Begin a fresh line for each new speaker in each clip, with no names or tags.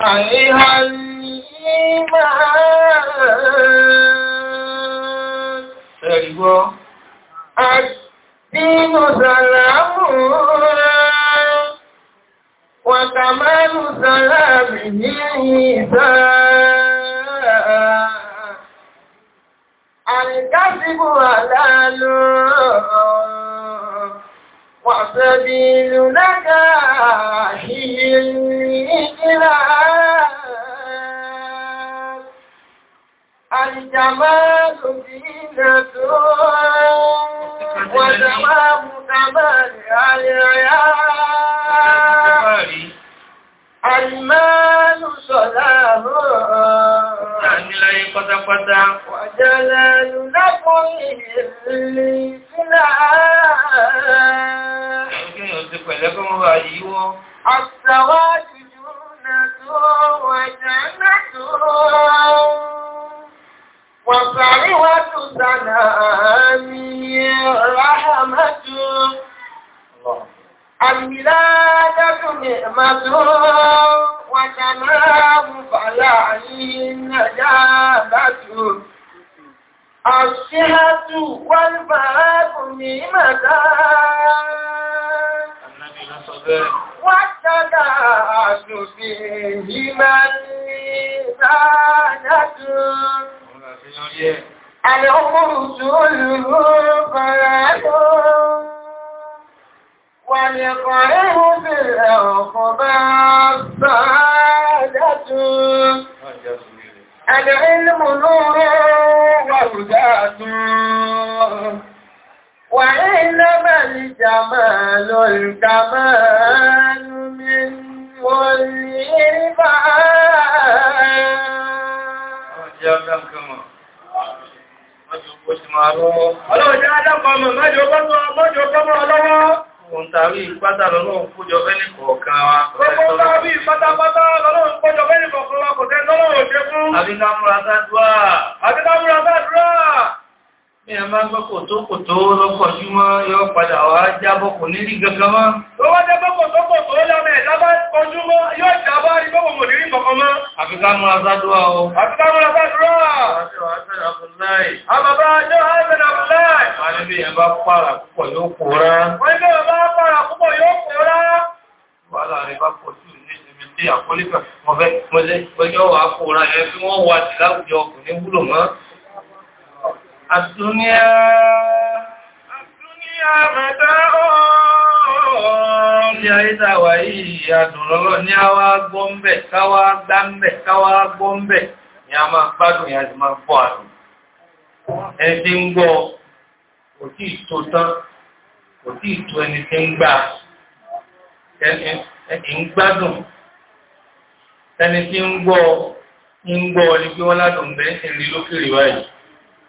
عليها الإيمان أيوة الدين سلام وكمال سلامه إيسان الكسب حلال وسبيلك هي الإجلال الجمال زينة وتمام كمال العيال Àìmáàlù sọ̀lá àrọ̀ àmìláyé pátápátá. Wàjọ́lá lùlápọ̀ ìrìnlẹ̀ sílá ààrẹ. Ọjọ́ yóò ti pẹ̀lẹ́ kọ́ mọ́ bá yíwọ́. Àṣàwá jùjú nà الولادة نعمة وتمام فلا النجابة الصحة والبراء نعمتان والتداس فيهما النسانة العمر سلوك ولقائه في الأرض سعادة العلم نور وهداة وإنما الجمال الكمال من والإرفان Ọjọ́ kò ṣe máa rọ́. Ọlọ́run jẹ́ adápọ̀ ọmọ mẹ́jọ bọ́ tó ọmọ ọjọ́ kọ́mọ́ ọlọ́wọ́. Òǹtàrí ìpátá lọ́lọ́run kójọ fẹ́ni kọ̀ọ̀kan wa. Gbogbo tàbí ìpátápátá lọ́lọ́run kójọ fẹ́ni kọ̀ọ̀kan wa kò tẹ́ lọ́lọ́run ṣe fún. Àbíkámúra sáàdúrà. Àbíkámúra sáàdúrà ẹ̀ máa gbọ́ kòtó kòtó lọ́kọ̀júmọ́ yọ padà wá jábọ́ kò nílì gangan mọ́. ó wá jábọ́ kòtó kòtó lábẹ́ ìjábá kọjúmọ́ yóò jábá rí gbọ́gbọ̀ mò nírí kọ̀kan mọ́. àfikà múra sádúrà o. àfikà múra sádúrà. àbàbà yóò hàn bẹ̀rẹ̀ àbúláì. wọ́n ní bí ẹ̀ bá pààrà púpọ̀ yóò kóra. wọ́n ní bí ẹ̀ bá pààrà púpọ̀ yóò kóra. wàhálà rẹ̀ bá pọ̀ sí ìrìn الدنيا الدنيا متاع Bí ayé tàwà yìí àdùnlọ́lọ́ ní a wá gbọ́ ń bẹ̀, ká wá gbá ń bẹ̀, ká wá gbọ́ ń bẹ̀, ni a máa gbádùn ìyá ti máa gbọ́ àrùn. Ẹni ń gbọ́, kò tí ìtò tán, kò tí ìtò ẹni tí ń gbà, ẹni ń gbádùn, ni pé wọ́n ládùn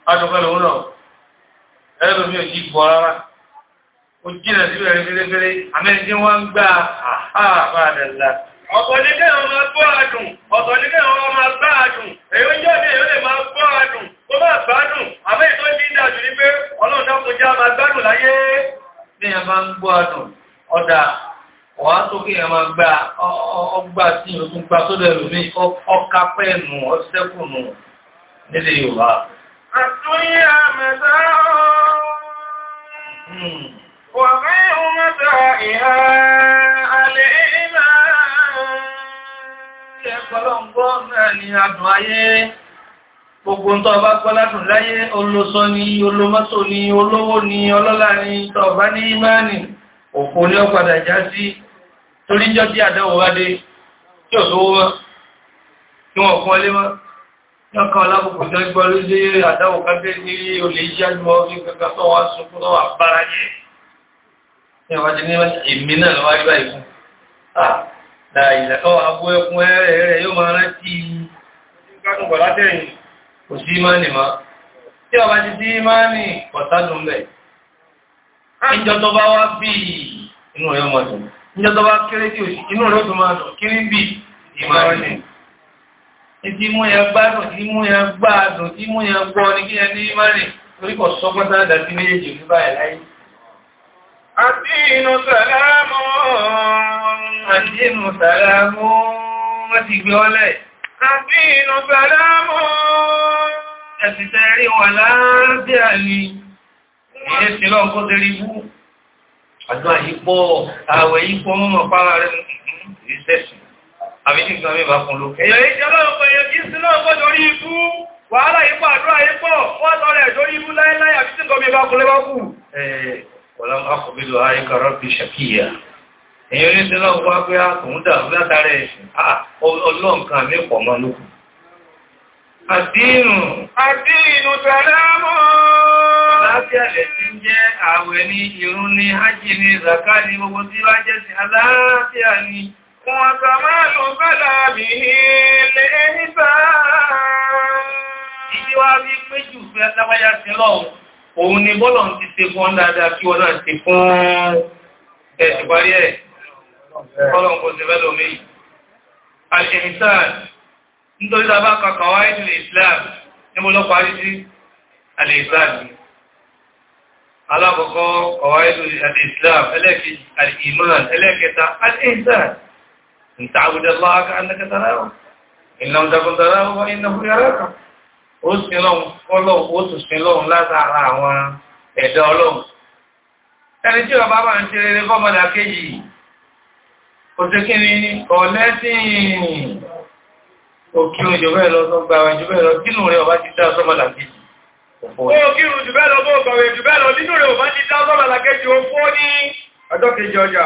adùnkẹ́ ụlọ, náà ẹlòmí ò jí gbọ́ rárá o jìnà sí rẹ̀ fẹ́lẹ́fẹ́lẹ́ amẹ́rẹ́dín wá ń gbá àhàbàdàlà ọ̀tọ̀ ní ọmọ gbọ́ àdùn ọ̀tọ̀ ní ọmọ àdùn èyí jọ́ ní èyí lè gbọ́ àdùn kó máa àmẹ́ ìdájú ní pé máa gbádùn láyé الدنيا متاع وغير متاعها الإيمان Ẹ̀kọ́lọ́gbọ́n náà ni àdùn ayé, gbogbo tó bá kọ́ látùn láyé, olóso ni, olómọ́sò ni, olówó ni, ọlọ́lá ni, tó bá ní ìmáàni, òfò ní ọ̀padà já sí, torí jọ tí àdáwò wá tí ò lówó mọ́, tí wọ́n kọ́ lé mọ́ lọ́kàn alábùkù tó gbọ́ ló dé àdáwò kápẹ́ ní olè yíyá ní wọ́n ní kẹta tó wá sọ fún lọ́wọ́ àbára yẹ ní ọwájú ní èmi náà lọ́wọ́ ibà ìfún àdá ilẹ̀ ọ́ abú ẹkún ẹ̀rẹ̀ rẹ̀ yóò máa rántí kákùnkọ̀ látẹ̀yìn kò sí ìmánì má tí ọba ti sí ìmánì pọ̀tánù lẹ̀ ìjọ tó bá wá bí inú rẹ̀ ìtí mú yẹn gbádùn ìtí mú yẹn gbádùn ìtí mú yẹn gbọ́ ní kí ẹni mẹ́rin torí kọ̀ sọ́gbọ́n tánà dàbí méjèèjì ní báyìí láyé àti inú sàlámù àti inú sàlámù wọ́n ti gbé ọlẹ̀ àti sàlámù ẹ̀sìtẹ̀ rí wà láàábíà ni ìyẹ́ sí lọ́n kó tẹ́rí bú àjọ àyípọ̀ àwẹ̀ yípo mọ́mọ̀ pàrà rẹ̀ ìṣẹ́sì àbí ní ìsànmí bá fún lókè. èyàn ìjẹ́ ọlọ́run pẹ̀lú kí sí náà pọ̀ lórí ikú wàhálà ipò àdúrà ipò wọ́n tọ́ rẹ̀ lórí ikú láíláí àbí tí gọmi bá kúlé bá kú. ọlọ́run akọ̀bílò ayíkà rọ́bì ṣàkíyà èyàn ní sí náà wá pé àkùn ah, dàrú látàrí ẹ̀sìn ah, ọlọ́nkan mi pọ̀ mọ́ lókù. àdínù àdínù sàlámù. lábẹ́ àlẹ́ ti ń jẹ́ àwẹ̀ ní irun ní hajj ní zakari gbogbo tí wá jẹ́ sí aláàfíà ni. وكمال كلامه لإحسان Ìdí wá rí pé jù fẹ́ lábáyá sí lọ́wọ́, òun ni bọ́lọ̀ ti ṣe fún dáadáa kí wọ́n náà ti fún ẹ̀sì parí ẹ̀. Bọ́lọ̀ kò sí fẹ́lò méjì. Al-Ihsan, nítorí tàbá kàkà wá ìdílé Islam Alákọ̀ọ́kọ́ ọ̀wá ìdílé Islam, ẹlẹ́kẹta Al-Ihsan. ان تعبد الله كانك تراه ان لم تكن تراه فانه يراك ó sin lọ́hùn fọ́lọ́hùn ó tún sin lọ́hùn látara àwọn ẹ̀dá ọlọ́hùn ẹni tí ọba bá ń ṣe rere fọ́mọdà kejì kò sí ni ọ̀lẹ́sìn òkè òjò bẹ́ẹ̀ lọ tó gba àwọn ìjù bẹ́ẹ̀ lọ nínú rẹ̀ ọba ti dá sọ́mọdà kejì òkìrù jù bẹ́ẹ̀ lọ bó gbàwẹ̀ rẹ̀ ọba ti dá sọ́mọdà kejì ó ní ọjọ́ kejì ọjà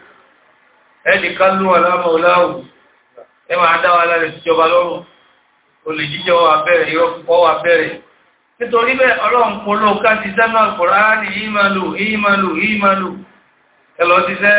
ẹnìkan ló wà láàmọ̀ láàrù ẹ máa dá wa lára ìjọba lọ́rùn olè jíjẹ wà bẹ̀rẹ̀ ìrọ́pọ̀ wà bẹ̀rẹ̀ nítorí bẹ́ ọlọ́run polo káti sẹ́nà Kùránì ìmàlù ìmàlù ìmàlù ẹlọ ṣiṣẹ́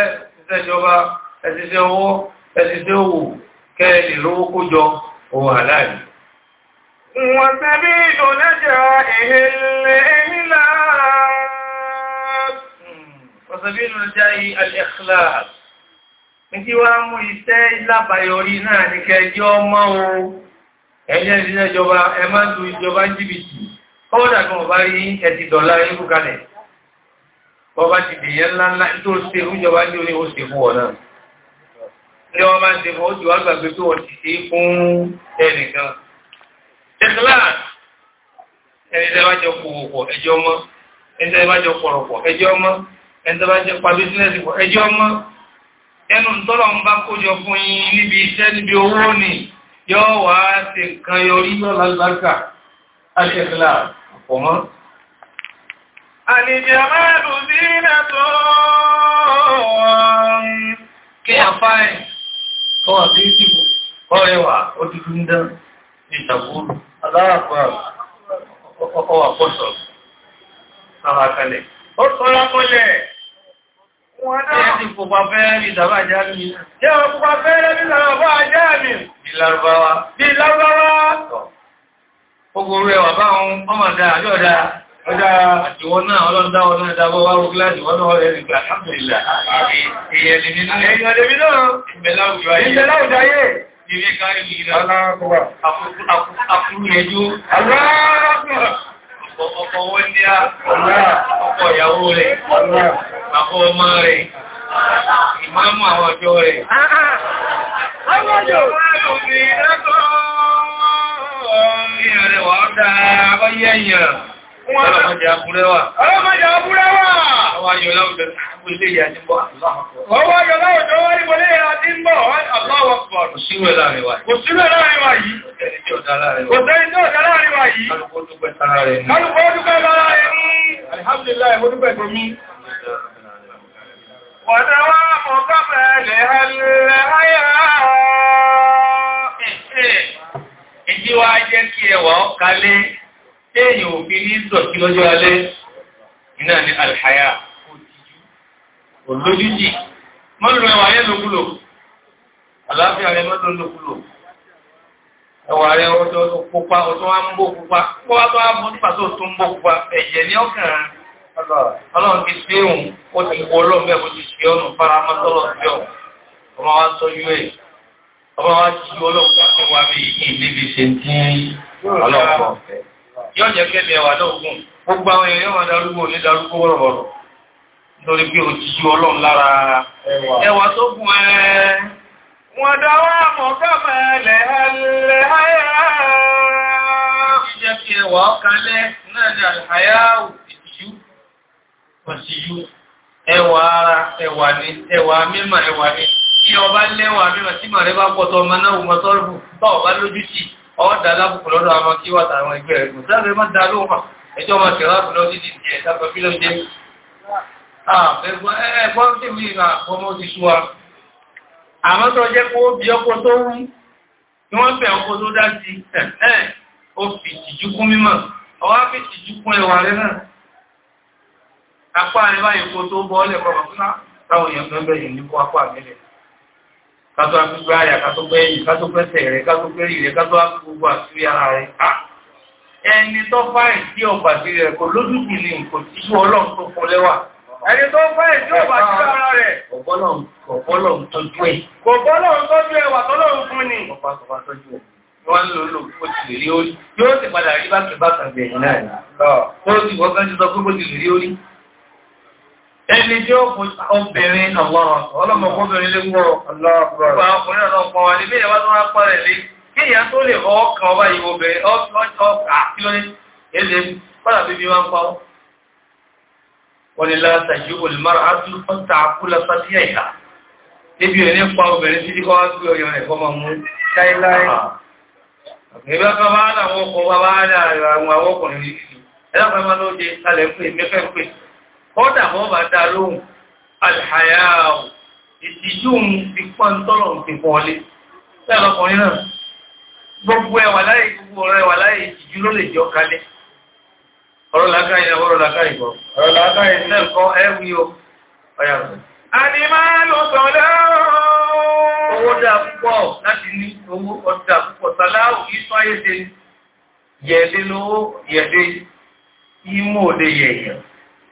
Ìjí wá mú iṣẹ́ ìlàbàyọrí náà ní kẹjọ ọmọ o, ẹ̀yẹ́ ìrìnà ìjọba, ẹ máa lù ìjọba jìbìtì, kọ́ọ̀dà kan ọ̀bá rí ẹ̀tì dọ̀lá ikú kalẹ̀. Bọ́bá ti dèyẹ ńláńlá tó ṣe ìjọba ní orí ó ṣe fún ọ̀nà. Ní ọmọ ṣe fún ó ti wá gbàgbé tó wọ́n ti ṣe fún ẹnìkan. Ṣẹ́kìláàsì, ẹni tẹ́ bá jọ pòwòpọ̀ ẹjọ́ mọ́, ẹni tẹ́ bá jọ pọ̀rọ̀pọ̀ ẹjọ́ mọ́, ẹni tẹ́ bá jọ pa bísínẹ́sì pọ̀ ẹnu tọ́lọ̀ ń bá kójọ fún yín níbi iṣẹ́ níbi owó ní yọ́ wà á ṣe nǹkan yọrí lọ́lágbàkà aṣẹ́kìlá ọ̀pọ̀mọ́ àlìjàmáàlù dínà tó kí àfáì kọ́ àti ìsìnkú kọ́ ẹwà ó ti fi ń dán ìṣàkóòrò aláàpọ̀ ọkọ̀ àpọ̀ṣọ̀ Ẹ̀sìn fòfà fẹ́rẹ́ bí ìdàbà jáàmì. Ṣé wọ́n fòfà fẹ́rẹ́ bí ìdàbà jáàmì?
Bí lárúbáwá.
Bí lárúbáwá. Ogun rẹ̀ wà bá ohun ọmọ dáa, yóò dáa. Ọjá àtiwọ́ náà ọlọ́dá ọdún ìdábọ̀ wá rú kíláàsì wọ́n náà rẹ̀ nígbà alhamdulillah. Èèyàn lè nínú. Èèyàn lè nínú. Ìbẹ̀láwùjọ ayé. Ìbẹ̀láwùjọ ayé. Ìbí kárí ìrìnà. Aláàkọ́wà. Àfúrú ẹjú. Aláàkọ́wà. Ọkọ̀ wọ́n ní bàbá ọmọ rẹ̀
ìmáàmù àwọn ọjọ́ rẹ̀ ah,
ah. Ọlọ́mọdé abúrẹ́wà. Ọlọ́mọdé abúrẹ́wà. Ọwọ́ yọ láwùjọ ilé ìyà ti ń bọ̀. Ọwọ́ yọ láwùjọ wọ́n ní bolé ìyà ti ń bọ̀. Ọlọ́wọ́ pọ̀. Kò sírò láàrin wa yìí. Kò sírò láàrin wa yìí. Kò sẹ́ni tí ọ̀dá láàrin wa yìí. Kálùkọ́ dúpẹ́ tara rẹ̀ mú. Alhamdulillah, mo dúpẹ́ tó mí. ودوام قبلها الحياء Ìjí wá jẹ́ kí ẹwà ọkàlé téèyàn òfin ní ìdọ̀tí lọ́jọ́ alẹ́ alhaya olójújì. Mọ́lù ẹwà yẹ́ lókúlò, àláfíà rẹ mọ́lù lókúlò. Ẹwà rẹ ọjọ́ pupa, ọjọ́ wá ń bó pupa, kó wá tó wá Ọlọ́run ti ṣe òun, ó ti kó ọlọ́run bẹ́ẹ̀ bó ti ṣe ọ̀nà faramọ́tọ́lọ̀ sí ọ̀. Ọmọ wa tọ́jú ẹ̀. Ọmọ wa ti ṣe ọlọ́run láti wà bí ìkí níbi ṣe ń tí ọlọ́pọ̀. Yọ́ jẹ́ kẹ́lẹ̀ wà lóògùn, gbogbo àwọn èèyàn wọn darúgbò ní darúgbò wọ́rọ̀wọ̀rọ̀. Nítorí pé ó ti ṣe ọlọ́run lára ẹwà tó gùn ẹ́. Wọ́n dáwọ́ àmọ́ kọ́mọ̀ ẹlẹ́hẹ́lẹ́ háyà. Ìjẹ́ kí ẹwà ọkàlẹ́ náà ni àlàyáwò ọ̀ṣíyú ẹwà ara ẹwà ní ẹwà mímọ̀ ẹwà ní kí ọba lẹ́wà mímọ̀ tí màrẹ́ bá pọ̀tọ̀ ọmọ náà wùmọ̀ tọ́rùbù bá ọba lójú tí ọ̀dà lábùkù lọ́dọ̀ àwọn kí wà tàwọn ẹgbẹ́ rẹ̀ gùn sáré má dá lóhùn ẹjọ́ máa kẹ̀rọ àbùlọ sí ti jẹ ìdáfẹ́ bí lóúnjẹ ẹgbọ́n tí mi ìrà ọmọ ti sú wa àmọ́ tó jẹ́ kó bí ọkọ̀ tó rú ni apá rẹ̀ báyìí kó tó bọ́ lẹ̀ kọ́mọ̀ fúnná táwọn èèyàn kan bẹ̀yìn ní kó apá àmìlẹ̀ kátó agbègbè àyà kátó gbẹ̀yìn kátó pẹ́sẹ̀ rẹ̀ kátó pẹ́rì rẹ̀ kátó gbogbo àtúrí ara rẹ̀ ká ẹni tó fáì sí ọ̀gbà sí rẹ̀ kò lójútì ní kò sí ju ọlọ́run tó fọ lẹ́wà ẹni tó fáì sí ọ̀gbà sí ara rẹ̀ kò bọ́lọ̀ ń tọ́jú ẹ̀ kò bọ́lọ̀ ń tọ́jú ẹ̀wà tọ́lọ́run fún ni ọ̀pá tọ́jú ẹ̀ wọ́n lò lò ó ti lè rí ó rí yóò sì padà rí bákẹ́ bákẹ́ bẹ̀rẹ̀ náà tó ti wọ́n kán sọ pé ó ti lè rí ó ẹni tí ó kò obìnrin ọlọ́mọkọ́bìnrin lè wọ́ ọlọ́pàá ọkùnrin ọlọ́pàá wà ní bí ìyàwó tó wá pàrẹ̀ lé kí ìyà tó lè ọkàn ọba ìwò bẹ̀rẹ̀ ọkà kí ló ní èlé pàdà bíbí wá ń pa ó wọ́n ni látàjú olùmọ́ra ájú ọ́ta àkúlọ sábíyà ìhà níbi rẹ̀ ní pa obìnrin títí kọ́ wá gbé ọyọ rẹ̀ kọ́ máa mú láíláí ìgbà kan bá dà wọ́n kọ́ bá dà àwọn ọkùnrin ẹ̀dá kan máa lóde alẹ́ pé mẹ́fẹ́ pé kọ́dà wọ́n bá dá lóhùn alhayáwò ìtìjú ti pọ́n tọ́lọ̀ ti pọ́lé lẹ́lọ́kùnrin náà gbogbo ẹwà láyé gbogbo ọ̀rọ̀ ẹwà láyé ìtìjú ló lè jọ kalẹ̀ ọ̀rọ̀ làákàyè ọ̀rọ̀ làákàyè bọ̀ ọ̀rọ̀ làákàyè náà kọ́ ẹ̀wí o ọ̀yà rẹ̀. àdìmá ló sàn lọ́rùn. owó dáa púpọ̀ láti ní owó ọjà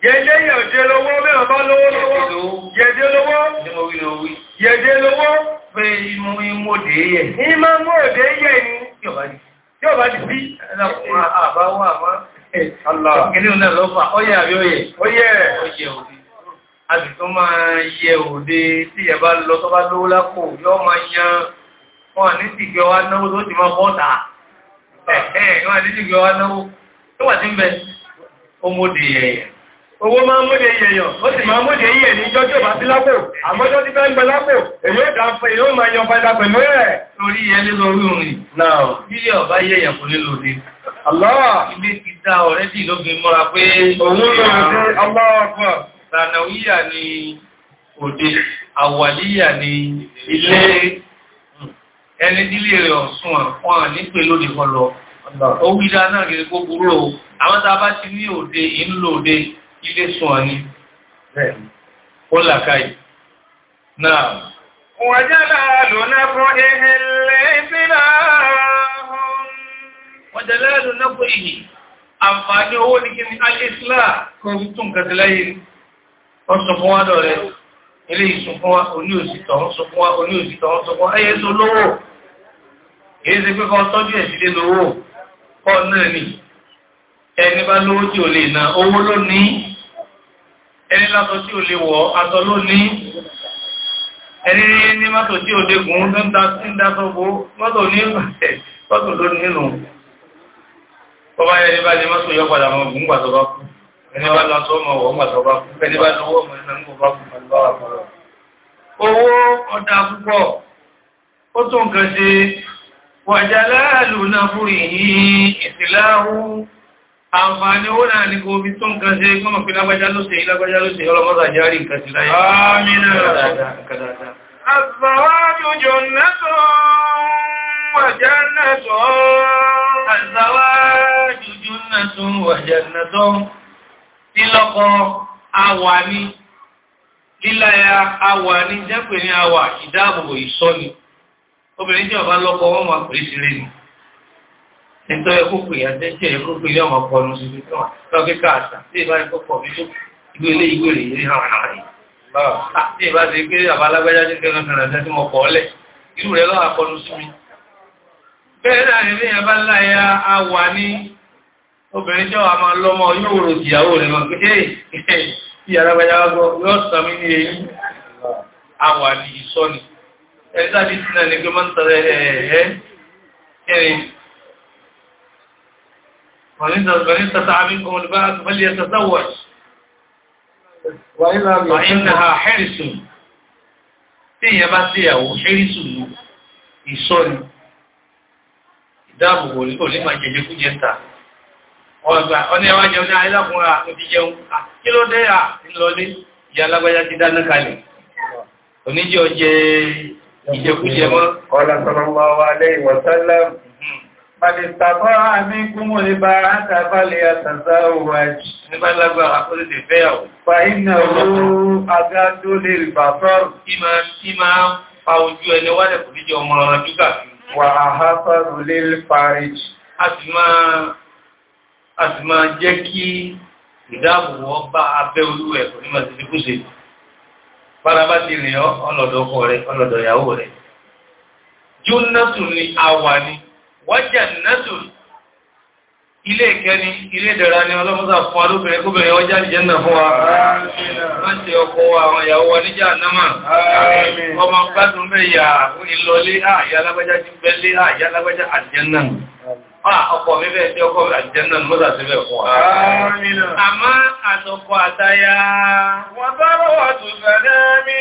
Yẹ̀dé yẹ̀dé lówó mẹ́ràn bá lówó yẹ̀. Ní máa mú yẹ̀ ni. Tí ọba ti sí. Àbáwọ̀ àmá. Ìgbìlì òun náà lọ́fà. Ọyẹ́ àbí ọyẹ́. Ọyẹ́. Ọyẹ́ òdé. A sì tún máa yẹ owó máa ń múdé yẹ̀yàn ó sì máa ń múdé yẹ̀ ní jọ́jọ́ bá sí lápò àmọ́jọ́ ti bá ń gbẹ lápò èyí ó dáa fún èyí ó máa yan padà pẹ̀lú ẹ̀ torí ẹ lílọ orí orin náà bílẹ̀ ọ̀bá yẹ̀yàn kò nílò ní Allah ilé ti dá ọ̀rẹ́ dì lóbi ni òde àwàlíyà ni ilé ẹni dílé rẹ̀ ọ̀sùn àwọn nípe lóde kọlọ ó wíjá náà gẹ̀rẹ̀ gbogbo rò àwọn tàbá ti ní òde ìlú òde ilé sùn àní ó náà. wàjálà fún wàjálà fún ìhì àǹfààní owó ní kí ni alẹ́sílà kan tún kàtí láyé ní wádọ̀ rẹ̀ ilé ìsùn fún wa oní òsìtọ̀ ọ̀sán fún oní sọ lówó ẹni bá lówó tí ò lè na owó ẹni látọ̀ tí ò lè wọ̀ aṣọ ló ní ẹni rí ní mọ́tò tí ò dégùn tó ń da sí ń dátọ́gbó mọ́tò ní mọ́tò ló nínú ọba ẹni bá ní mọ́tò yọ padà mọ́ gùn gbàtọ̀ bá kú ẹni bá lọ sọ ọmọ wọ́n gbàtọ̀ bá kú ẹni bá lọ wọ́n mọ̀ ẹ̀nà ń gbọ́ bá kú pẹ̀lú bá wà owó ọ̀dà púpọ̀ ó tó nǹkan ṣe àǹfààní owó náà ní kò bí tún kan ṣe gbọ́mọ̀ pé lágbàjá ló ṣe ìlágbàjá ló ṣe ọlọ́mọ́sà járí nǹkan ti láyé àmìnà àzàwájú jọ̀nẹ́tọ̀ wàjánẹ́tọ̀ àzàwájú jọ̀nẹ́tọ̀ wàjánẹ́tọ̀ nílọ́kọ àwà ní líláyà àwà ní jẹ́pẹ̀ ní àwà ìdáàbòbò ìṣọ́ni obìnrin tí nítorí ẹkùnkùn yà tẹ́ ṣe ẹkùnkùn ilé ọmọ ọkọ̀ọ̀nù sí ibi tó kíkà àṣà tí ìbá ẹkùnkùn mi tó ìgbé ilé ìwé rẹ̀ yìí hàn àárín tí ìbá ti gbé àbá alágbájá ní kẹrin kan àṣà tí mo kọ̀ ọ́lẹ̀ irú rẹ̀ lọ́wọ́ akọ̀ọ̀nù sí mi. bẹ́ẹ̀ náà ni bíyàn bá láya a wà ní obìnrin tí wàá máa lọ́mọ yóò rò ìyàwó rẹ̀ mọ̀ pé tí alágbájá wá gbọ́ yóò sàn mí ní eyín a wà ní ìsọ́ni ẹ̀ẹ́dá وإن استطاع منكم الباء فليتزوج وإنها حرس tíyẹn bá tíyàwó ṣérísù ní ìsọ́ni ìdáàbòbò olè máa jẹjẹ kú jẹta ọgbà ọní ẹwà jẹun ní ayélákùnrin àti jẹun kí ló dé à ńlọlé ìyá alágbájá ti dáná kalẹ̀ oníjẹ́ ọjẹ́ ìjẹkújẹ mọ́ Fàdìsàfọ́ àmì gúnmọ̀ ní bá rántà fàlẹ̀ àtàzà òwàjì. Nígbàlágbà àkọlẹ̀ fẹ́ ọ̀. Fà iná oró agá tó lè rí bàtọ́. Ìmá pa ojú ẹni wádẹ̀ kò díjẹ ọmọ ọ̀rọ̀ jùgbà. Wà àhápá rúlé fàáríjì. A ti máa jẹ́ bá abẹ́ olúwẹ̀ kò ní máa ti díkúṣe. Bárabá ti rìn ọlọ́dọ̀ ọkọ rẹ̀, ọlọ́dọ̀ ìyàwó rẹ̀. Jónátù ni a wà ní wọ́jà nẹ́tù ilé ìkẹni ilé ìdẹ̀ra ni ọlọ́mọ́sà fún alóbìnrin kóbìnrin ọjà ìjẹ́nà fún wa wọ́n ti ọkọ̀ àwọn ìyàwó wa níjà náà ọmọ gbádùn mẹ́yà ìlọlé àyà alágbájá ti bẹ́lé àyà alágbájá àjẹ́nà ọkọ̀ mímẹ̀ tí ọkọ̀ àjẹ́nà mọ́sà síbẹ̀ fún wa àmá àtọkọ̀ àtayá wọ́n tọ́rọ̀ wà tù sẹ́dẹ́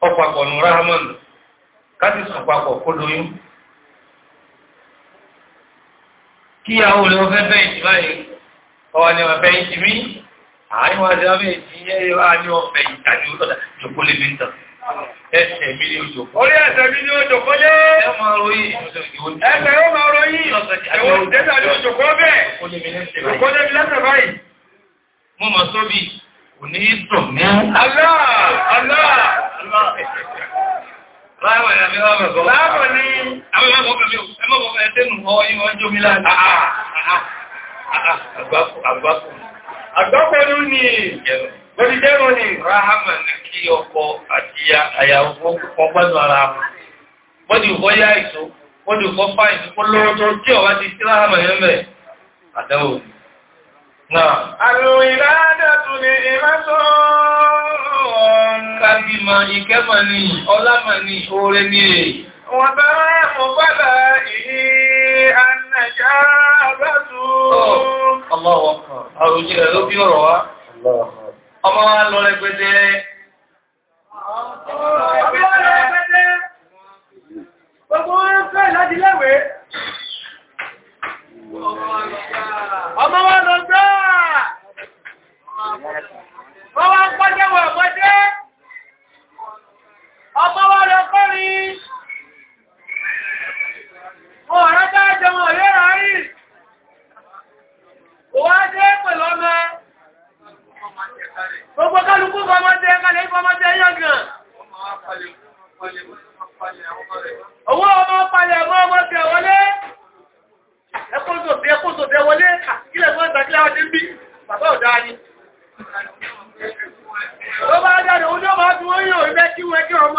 ọ̀pàpọ̀ nù rahman káti sùn papọ̀ kíyàwó lè wọ́n fẹ́ bẹ́ẹ̀ jì báyìí ọwà ni wọ́n fẹ́ jì mí àárín wọn àti ọmọ yẹ́ ní ọ̀fẹ́ ìtajú lọ́dà jòkó lè mi tàn ẹsẹ̀ mi ní ojò ẹsẹ̀ mi ní ojò kọ́ lé ẹsẹ̀ yóò máa Báwo ni àmì ọmọ ẹ̀kọ́? Báwo ni àwọn ọmọ ọkọ̀ mi ò ẹmọ́ ọkọ̀ ẹ̀tẹ́nu ọ yíò ọjọ́ mi láàrín. Àgbákò. Àgbákò ní ní lórí jẹ́rọ ni. Rahama ní kí ọkọ àti àyàwó ọgbọ́nù ara wọn. Wọ́n ni ìfọ́ yá ìṣó, wọ́n ni ìfọ́ fá ìṣó, wọ́n lọ́wọ́ tó tí ọ̀wá ti sí Rahama yẹn mẹ́. Àdáwò. Náà. Àlò ìlàádà tún ni ìmá sọ́ọ́. Kábímọ̀ ìkẹ́mọ̀ ni, ọlámọ̀ ni, oore ni èyí. Wọ́n bá mú bàbá ìhí ànàjá àbátú. Ọlọ́wọ́ oh, kan, àròjì rẹ̀ ló bí ọ̀rọ̀ wá. Ọmọ wa lọ rẹpẹtẹ. Ọmọ wa lọ rẹpẹtẹ. láti lẹ́wẹ̀ẹ́.
Ọmọ wa lọ gbáà
wọ́n wá ń kọ́jẹ́ wọ ọmọdé ọmọ wa lọ kọ́rin
wọn ọ̀rọ̀ bá jẹ wọn ọ̀rẹ́ rárí
òwádé pẹ̀lú ọmọ gbogbo kálukú fọmọdé kálẹ̀ fọmọdé yọ̀gàn owó ọmọ palẹ̀ ọmọ ọmọ tẹ̀ wọlé ẹkùn tó tẹ̀ wọlé kílẹ̀ fún ọ̀tàkílẹ̀ ọdún bí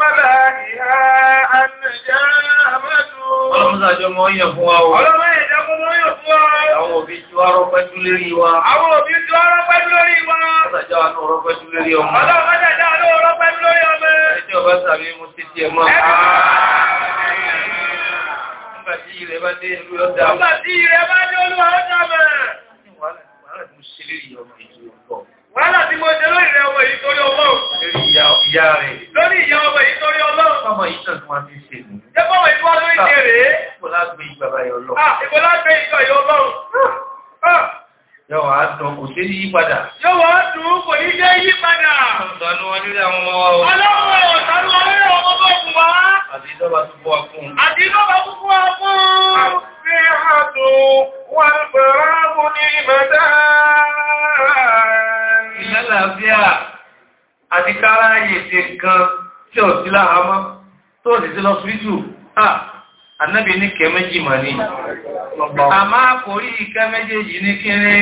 Fọ́lá ìhá ànàjá àmàdù. Ọlọ́run àjọ mọ́ yàn fún wa o. Ọlọ́run ìjọ mọ́ yàn fún wa. Àwọn òbí tí wá rọ́pẹ́jú lérí wa. Àwọn òbí tí wá rọ́pẹ́jú lérí wa. Ọlọ́run àjọ rọ́pẹ́jú lérí ọmọ. Ọlọ́run àjọ rọ́pẹ́jú lérí ọmọ. Ẹjọ́ bá sàmì mú títí ẹ mọ́. Nígbà tí ilẹ̀ bá dé ìlú ọjà. Nígbà tí ilẹ̀ bá dé olúwa ọjà mẹ́. Wàhálà ti mú ṣe lérí ọmọ yìí wàhálà tí mo jẹ lórí rẹ ọmọ yìí torí ọlọ́run. lórí ìyá rẹ̀. lórí ìyá ọmọ yìí torí ọlọ́run. ọmọ yìí tàn tí wọ́n ti ṣe nù. ṣé bọ́mọ yìí wá lórí ṣe rèé. ìbọn lágbé ìgbà báyọ̀ lọ. ìbọn lágbé ìgbà yọ ọlọ́run. yóò wá dùn kò sí ní yípadà. yóò wá dùn kò ní jẹ́ yípadà. ọ̀sánú wọn nílé àwọn ọmọ wa o. ọlọ́run ọ̀sánú wọn nílé àwọn ọmọ ọkùn wa. àdìdọ́ba tó fún wa fún. fún lálàáfíà àti kára yèsè kan tí ò sí láhámọ́ tó sì sí lọ síjù ànábì ní kẹ méjì mà ní àmá kò rí ikẹ́ méjèèjì ní kéré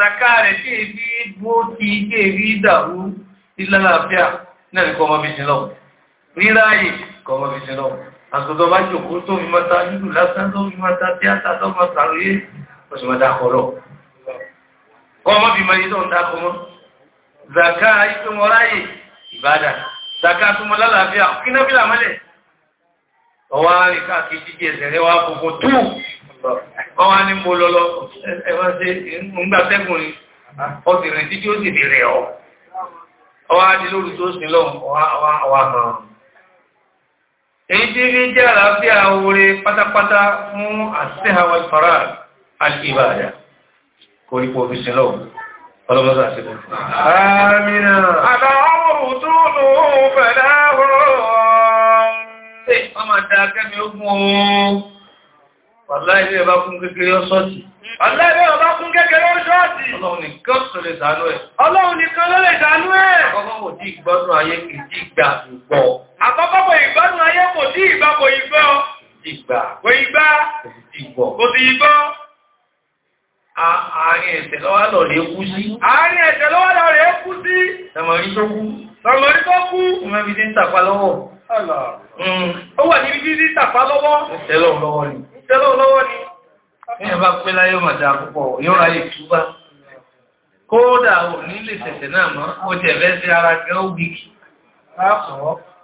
Sàkáàrẹ̀ tí èbí bó ti ilé rí ìdàrú ìlàlàáfíà náà ní kọmọ bí sí lọ. Ríráyè kọmọ bí sí lọ àtọ́tọ́ bá jòkó tó mi mọ́ta nílù lásán tó mi mọ́ta tíátà tó mọ́ sàrúyé ó sì mọ́ta kọ̀rọ̀ kọ́ mọ́ bí mọ́yé tó ń dákọ mọ́ zaka ikú mọ́ ráyè ìbádà zaka tó mọ́ lálàáfíà kí náà bí làmọ́lẹ̀ ọwá rí káàkiri èyí tí rí jẹ́ àlàáfíà oore pátápátá fún àṣíhàwà ìfàrà àṣìbàdà kò rí pọ̀ fíṣẹ́ lọ ọlọ́mọ́sá àṣíkò àmìnà àdáwọ̀rù tó lò pẹ̀lá Ọlọ́run ọba kún kékeré ṣọ́ọ̀tì. Ọlọ́run nìkan sọ lè dánú ẹ̀. Ọlọ́run nìkan ló lè dánú ẹ̀. Ọgbọ́n wò tí ìgbọ́nú ayé kìí gbà gbọ́. ti gbà kò igbá kò ti igbọ́ àárín ẹ̀sẹ̀ lọ́wọ́ lọ rẹ̀ kú sí àárín ẹ̀sẹ̀ lọ́wọ́ lọ rẹ̀ kú sí tàmàrí tó kú tàmàrí tó kú mẹ́bí tí ń tàpá lọ́wọ́ hmm. ó wà ní bí tí tàpá lọ́wọ́ tẹ́lọ̀ lọ́wọ́ ni tẹ́lọ̀ lọ́wọ́ ni ẹ̀yàn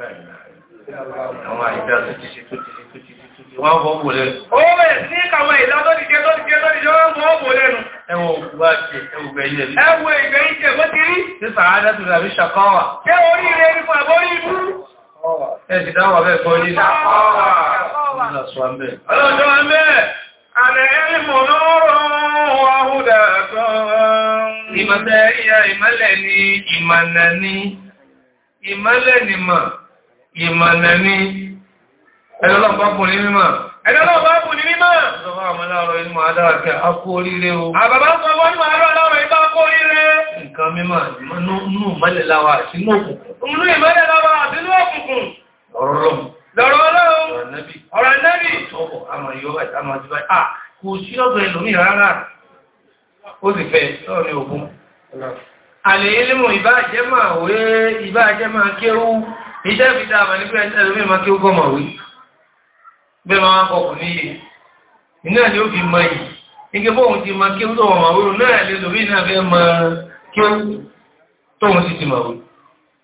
àwọn àìdá tó ti ṣe tó ti ṣe tó ti ṣe tó ti wọ́n bọ́ bò lẹ́nu. ó bẹ̀rẹ̀ sí àwọn ìdá tó ti ṣe tó ti ṣe tó ti ṣe wọ́n bọ́ bò lẹ́nu. ẹwọ òkúwà ṣe ẹwọ gbẹ̀yìn rẹ̀. ẹwọ ìgbẹ̀yìn ṣe bó ti rí. ṣé sàádà tó dàbí ṣàkọ́wà. ṣé orí rẹ̀ ní fún ibú. ẹ ti dáwọ̀ bẹ́ẹ̀ kọ́ ní ìlà. ọlọ́jọ́ ìmọ̀nà ní
ẹlọ́lọ́pàápùn
ní mímọ̀. ẹlọ́lọ́pàápùn ní mímọ̀. ọ̀sọ̀fà àmàlárọ̀ inú àdáàkẹ́ akó oríire o. àbàbá sọ wọ́n ní àárọ̀ láwọ̀ ìbá akó oríire. nǹkan mímọ̀ nínú ìmọ̀lẹ̀láwà sínú òkùnkùn. nínú ìmọ̀lẹ̀láwà sínú òkùnkùn. ọ̀rọ̀ ọlọ́run. lọ́rọ̀ ọlọ́run. ọ̀rọ̀ ẹ̀nẹ́bì. ọ̀pọ̀ àmọ̀ yóò bá ìtàmọ̀ jù báyìí. à ah, kò sí ọ̀dọ̀ ẹlòmíì rárá. ó sì fẹ́ sọ́ọ̀ ní ogun. àlè ilé mọ̀ ìbá jẹ́ máa wé ìbá jẹ́ máa kéwú ìjẹ́ ìfìdá àmà nígbà ẹlòmí ma kí ó gọ́mọ̀ wí bí ma wá kọkù níye iná ni ó fi mọ yìí nígbà bóun ti ma kí ó tó ọmọ wúrú náà lè lómi náà fẹ́ mọ kí ó tóun sì ti mọ̀ wí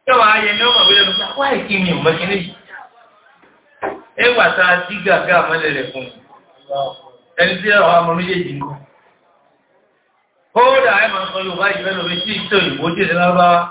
tẹ́wàá ayẹ ní ọmọ wílẹ̀ nígbà wáyé kí ni ìmọ̀ a ti gàgà àmọ́lẹ̀ rẹ̀ fún ẹni tí ọ̀rọ̀ ọmọ méjèèjì ń kọ́ kódà ẹ̀ máa ń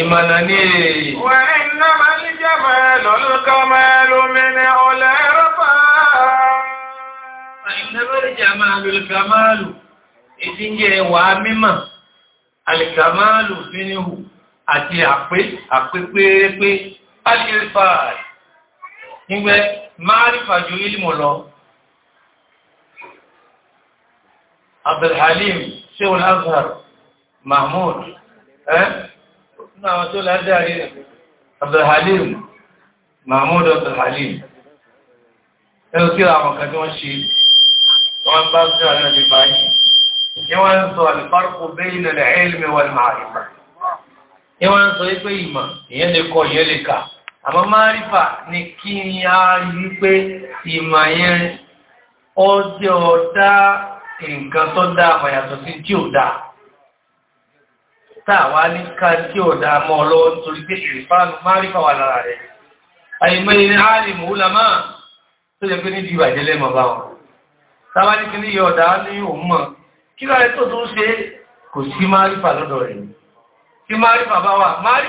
ìmọ̀nà ní èrè. wọ́n iná máa ń jẹ́ mẹ́lọ lókọ́ mẹ́lú mi ní ọlẹ́ rọ́pá. ìnẹ́bẹ̀rẹ̀jẹ̀ máa lò lè kàmáàlù ìdí ń jẹ́ ẹwà mímọ̀ alìkàmáàlù fínihù àti àpé àpé pérépé pálífà nígbẹ́ máàrífà ju ilmù lọ. Abdulhalim Shehu Azhar Mahmoud. Eh? nínú àwọn tó ládárí Abdulhalim Mahmoud Abdulhalim ẹ̀rọ kí àwọn kan tí wọ́n ṣe wọ́n bá sí àwọn ẹ̀rọ báyìí ni wọ́n ń sọ àlùfárùkù bẹ́yìn nà ẹ̀lmi wà ní màrífà ni wọ́n ń sọ pé ìmọ̀ ìyẹn lè kọ ìyẹn lè kà àmọ́ màrífà ni kí ni a rí pé ìmọ̀ yẹn ọjọ́ dá nǹkan tó dá àmàyàtọ̀ sí tí ò dáa táàwá ní ká tí ò dá mọ́ ọlọ́wọ́ nítorí pé ìrìfánù máa rí fàwà lára rẹ̀. àìmọ́ ilẹ̀ ààrìmù ulama tó jẹ́ pé níbi ìbàjẹ́ lẹ́mọ̀ bá wọn. táwa ní kí ní yọ ọ̀dá ní òun mọ̀ kí lára tó tó ṣe kò sí máa rí fà lọ́dọ̀ rẹ̀. tí máa rí fà bá wà máa rí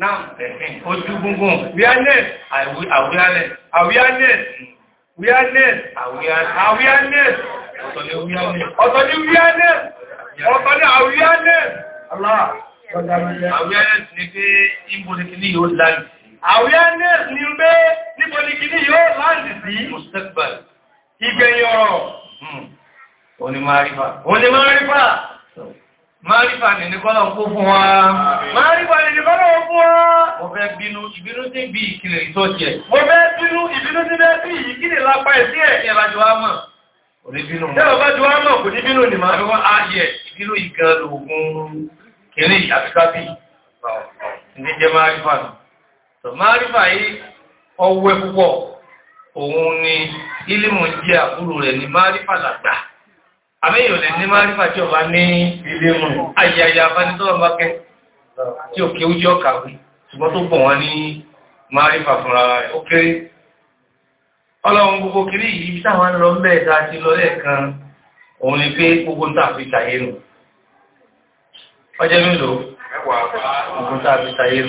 We We We are are are Now, eh, eh, ojú gúngùn, awareness, awareness, awareness, awareness, awareness, ọ̀tọ̀ ni awareness, ọ̀tọ̀ We are Allah, awareness ni pé ìbòlìkì ní yóò láàrín. Awareness ni pé níbòlìkì ní yóò láàrín sí Mustaqbal, ìgbẹ̀yìn ọ̀rọ̀, hmm. onímọ̀ àrífà, onímọ̀ àrífà. Márífà ní ní kọ́lọ̀ kó fún wa. Márífà ní ní kọ́lọ̀ fún wa. Mo fẹ́ bínú ìbínú tí bí ìkìlẹ̀ ìtọ́ jẹ. Mo fẹ́ bínú ìbínú tí bẹ́ bí ìkìlẹ̀ lápá ẹ̀ sí ẹ̀ ní ẹ̀lájú wa mọ̀. Kò ní bínú. Tẹ́lọ̀ bá ju wa kò ní bínú ni máa fi wọ́n á yẹ ìbínú ìkan lògùn kiri àfikábì. Ní jẹ́ márífà nù. Sọ márífà yìí ọwọ́ ẹ ni ilé àbẹ́yìn olè ní máa rí fàájọ́ bá ní ilé mọ̀ ayayà fani tó bá kẹ́ tí ó ké ojú ọkà wí ṣùgbọ́n tó bọ̀ wọ́n ní máa rí fàfúnra ó kéré ọlọ́run gbogbo kiri yìí sáwọn lọ mẹ́ẹ̀ tá a ti lọ lẹ́ẹ̀kan òun ni pé gbogbo ń tàbí tàyé nù ọjọ́ mélòó gbogbo ń tàbí tàyé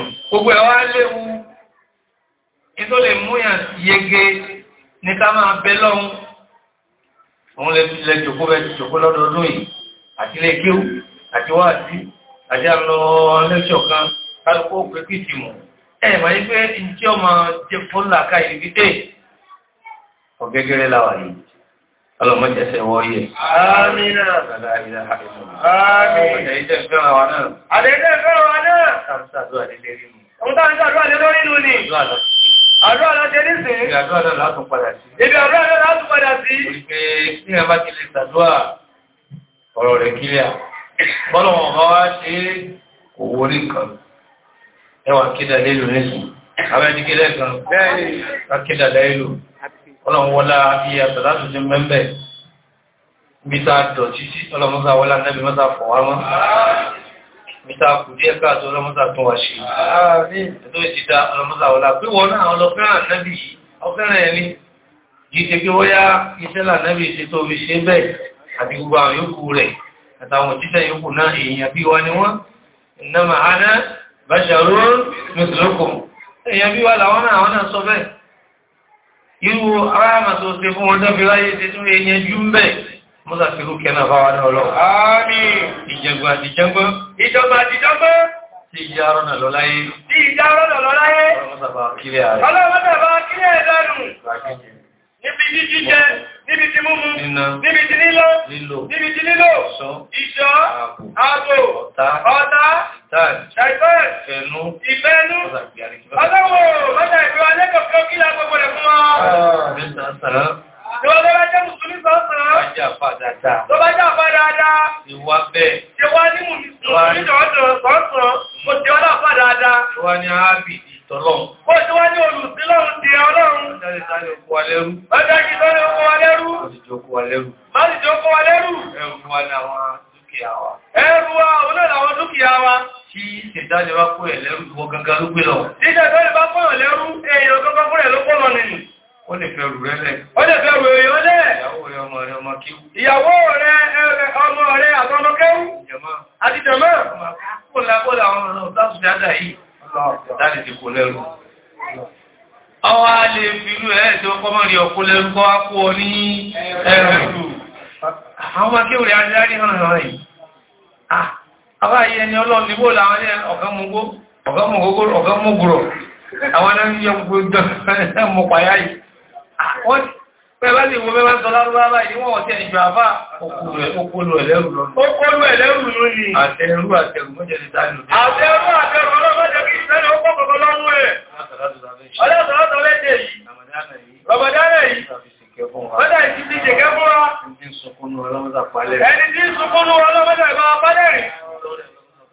òun lè tilẹ̀ jòkó bẹ́ẹ̀ ti jòkó lọ́dọọdún yìí àti ilé kéwù àti wáàsí àti àlọ́ lẹ́ṣọ̀ kan kálukú òkè kì í ti mọ̀ ẹ̀ máa yí pé ntí ọmọ jẹ fọlá ká ìrìbí dé ọ̀gẹ́gẹ́rẹ́ láwà yìí ọlọ́mọdé ṣe wọ yẹ. Amina. Àdéhùn fẹ́ràn wa náà. Àdéhùn fẹ́ràn wa náà. Àwọn tá a dúró àdé lórí nù. Àwọn tá a dúró àdé lórí nù ni. Àdúrà láti ẹni sí. Ibi àdúrà náà látún padà sí. Ibi àdúrà náà látún padà sí. Ìpè tí ẹ bá ti lè ṣàdúrà ọ̀rọ̀ rẹ̀ kílẹ̀ à. Bọ́lọ̀ wọn bá wá ṣe kò wó ní kan. Ẹ wà kéda lélu nísìn. Abẹ́ni kílẹ̀ kan. Bẹ́ẹ̀ni. Ká kéda lélu. Ọlọ́run wọlá iye àtàlá tuntun mẹ́mbẹ̀. Ibi tá a dọ̀ títí ọlọ́run sá wọlá nẹ́bí mọ́ta fọ̀ wá mọ́ mítà kù díẹ̀ káàtó ọlọ́mọ́sà tún wá ṣe tó ìṣìta ọlọ́mọ́sà wọlá pé wọ́n náà ọlọ́fẹ́ràn nẹ́bì yìí ọfẹ́ràn ẹni yìí ṣe pé wọ́yá iṣẹ́ là nẹ́bì ṣe tó fi ṣe bẹ́ẹ̀ àti gbogbo àwọn yòókù rẹ̀ àtàwọn òjíṣẹ́ yòókù náà èèyàn bí wa ni wọ́n ìnáma aná basharun mithlukum èèyàn bí wa làwọn náà àwọn náà sọ mọ́sà fi rú kẹ́nà bá wà náà lọ. Àmín. Ìjẹgbà àdìjẹgbọ́. Ìjọba àdìjọgbọ́. Tí ìjà rọ́nà lọ láyé. Tí ìjà rọ́nà lọ láyé. Ọlọ́mọ́sà bá kílẹ̀ ààrẹ. Ọlọ́mọ́sà bá kílẹ̀ ẹ̀dánù. Níbi jíjí jẹ, níbi ti múmu, níbi nílò, níbi ti nílò, ìṣọ́, ààbò, ọ̀tá, ṣàìfẹ́, ìfẹ́nu, ọlọ́wọ̀, mọ́ta ìfẹ́ alẹ́kọ̀ọ́ kí lágbọ́gbọ́ rẹ̀ fún ọ. Ìwọ ló bá jẹ́ Mùsùlùmí sọ́sàn. Wọ́n jà fà dáadáa. Tó bá jà fà dáadáa. Ìwà bẹ́ẹ̀. Ṣé wá ní Mùsùlùmí sọ́sàn? Mo ti ọlá fà dáadáa. Wọ́n ní ábìdì tọ́lọ́run. Bó ti wá ní olùsílọ́run ti ọlọ́run. Ọjọ́ ìsáré okó wa lẹ́rú. Ọjọ́ ìsáré okó wa lẹ́rú. gangan ló gbé lọ. Ìṣẹ̀dájọba kó ẹ̀ èèyàn gangan fún ẹ̀ lọ nìyí ó lè fẹ́ rù rẹ lẹ̀. ó lè fẹ́ rù èèyàn lẹ̀. ìyàwó rẹ ọmọ rẹ ọmọ kéwú. ìyàwó rẹ ọmọ rẹ àtọmọ kéwú. àti jẹ̀mọ́. kó lábọ́ làwọn ọ̀rọ̀ ọ̀tásùn dáadáa yìí. láti ti kó lẹ́rù. ọwọ́ a lè fi irú ẹ̀ tí ó kọ́ mọ́ rí ọkọ lẹ́rù kọ́ á kú ọ ní ẹ̀rù. àwọn ọmọ kéwú rẹ adídárí hàn hàn yìí. àbá yìí ẹni ọlọ́run níbó làwọn ọ̀gá mú gbó ọ̀gá mú gbó àwọn ẹni yẹ mú pàyà yìí wọ́n pẹ̀lú ìwọ mẹ́wàá sọ lárúbá báyìí wọ́n ọ̀tẹ́ ìjọ àfá okòrò ẹ̀lẹ́rù lọ. okòrò ẹ̀lẹ́rù ló ní. àtẹrù àtẹrù mọ́jẹ̀ lè dánù. àtẹrù àtẹrù ọlọ́mọ́jẹ̀ kí ìṣẹ́lẹ̀ ó pọ̀ pọ̀ lọ́rùn rẹ̀. ọlọ́sọ̀rọ̀sọ̀ lẹ́jẹ̀ yìí. rọ̀bọ̀dánà yìí. ọdá ìsìnkú ìjẹ̀kẹ́ fún wa. ẹni tí ń sunkúnnú ọlọ́mọ́jà pálẹ̀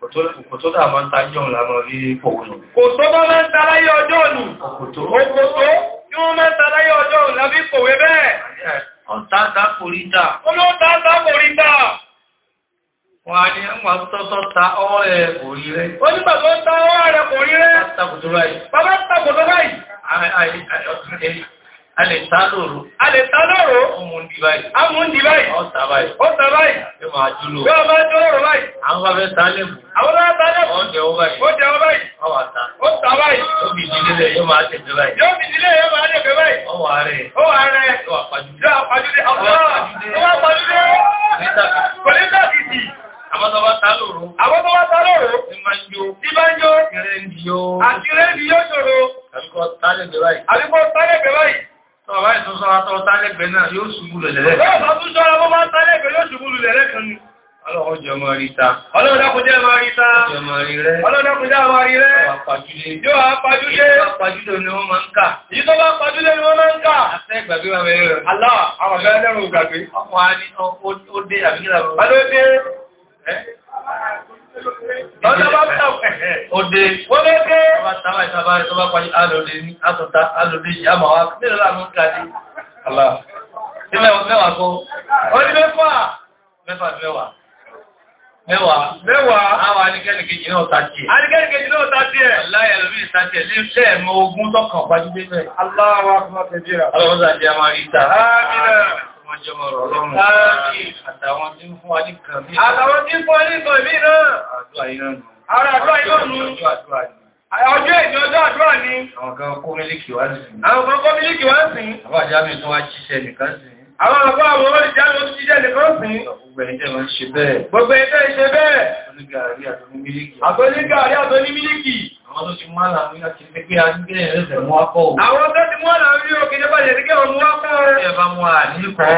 Kò tó dà máa ń ta yọ̀ lámọ́ rí pòwò nù. Kò tó bá máa ń ta láyé ọjọ́ nù. Òkòtó. Òkòtó tí wọ́n máa ń ta láyé ọjọ́ nù lábí pòwé bẹ́ẹ̀. Ọ̀tá kòríta. Ó ló tàá kòríta. Wọ́n á ní ẹ̀wọ̀n tọ́tọ́ ta ọwọ́ ẹ̀ kò rí rẹ̀. Ó nígbà tó ń ta ọwọ́ rẹ̀ kò rí rẹ̀. Bàbá tàkòtò A lè tá lóru. A lè tá lóru. Ó mú ndí báyìí. A mú ndí báyìí. Ó tà báyìí. Ó tà báyìí. Yóò máa dúró. Yóò máa dúró báyìí. Àwọn bá fẹ́ tá lẹ́bù. Àwọn bá tá lẹ́bù. Ó jẹ́ ó báyìí. Ó jẹ́ ó báyìí. Ó wà tá. Ó tà báyìí. Ó bì ìdílé rẹ̀ yóò máa tẹ̀lé báyìí. Yóò bì ìdílé rẹ̀ yóò máa tẹ̀lé báyìí. Ó wà rẹ̀. Ó wà rẹ̀. Yóò
àpàjúdé. Yóò àpàjúdé. Ó wà àpàjúdé.
Kò ní sàkìtì. Àwọn tó bá tá lóru. Àwọn tó bá tá lóru. Ní máa ń jó. Ní máa ń jó. Ìrẹ́ ń di yóò. Àti ìrẹ́ ń di yóò ṣòro. Àbíkọ́ tálẹ̀ bẹ̀ báyìí. Àbíkọ́ tálẹ̀ bẹ̀ báyìí. Ọ̀wá ìtúnṣọ́ àtọ́ tálẹ́gbẹ̀ náà yóò ṣubú lẹ̀lẹ́. Ọ̀wá ìtúnṣọ́ àtọ́ tálẹ́gbẹ̀ yóò ṣubú lẹ̀lẹ́ kan ni. Ọlọ́run jẹ́ ọmọ rí ta. Ọlọ́run dákùnjẹ́ ọmọ rí ta. Ọlọ́run dákùnjẹ́ ọmọ rí rẹ̀. Yóò àpàjúlé. Yóò àpàjúlé. Yóò àpàjúlé ni wọ́n máa ń kà. Yìí tó bá pàjúlé ni wọ́n máa ń kà. Àṣẹ ìgbàgbé wa mẹ́rin rẹ̀. Àlá àwọn ọ̀gá ẹlẹ́rùn ìgbàgbé. Ọmọ a ní ó dé àbíkílà. Bá ló dé. Ẹ́ Òde. Wọ́n lé dé. Ọba tàbá ìtàbá rẹ̀ tó bá parí alòdé ní àtọ̀ta alòdé yìí àmà wá nílò láàmú kàdé. Àlá. Tí mẹ́wàá mẹ́wàá kó. Ó ní mẹ́fà. Mẹ́fà mẹ́wàá. Mẹ́wàá. Mẹ́wàá. Àwọn anìkẹ́nìkejì náà ta tiẹ̀. Anìkẹ́nìkejì náà ta tiẹ̀. Aláyẹ̀ lómi ìta tiẹ̀ lé ṣẹ́ ẹ̀mọ ogún tọkàn pajú dé bẹ́ẹ̀. Aláwa kúmọ̀ tẹ̀jìrà. Alọ́wọ́sà jẹ́ a máa rí ta. Ámìnà. Wọ́n jẹ́ mọ̀ rọ̀ lọ́rùn. Àtàwọn tí ń fún wa ní kàn mí. Àtàwọn tí ń fún wa ní kàn mí náà. Àdúrà yìí náà nù. Ara àdúrà yóò mú. Ọjọ́ ìjọ ọjọ́ àdúrà ni. Àwọn kan kó mílíkì wá sí. Àwọn kan kó mílíkì wá sí. Àwọn àjábì tó wá jíṣẹ́ nìkan sí. Àwọn àpá àwọn ọmọ ìjábì tó jíṣẹ́ nìkan sí. Gbogbo ẹ̀jẹ̀ máa ń ṣe bẹ́ẹ̀. Gbogbo ẹ̀jẹ̀ ṣe bẹ́ẹ̀. Àtọ́nígàrí àtọ́ní mílíkì. Àwọn tó ti mọ́ àlàrí láti pé pé a ń gbé ẹ̀rẹ́ ìfẹ̀ mú akọ́ òun. Àwọn tó ti mọ́ àlàrí òkè ní bàjẹ̀ ní kí ọmọ wá kọ́ rẹ̀. Ẹ̀bá mú àdínkọ̀.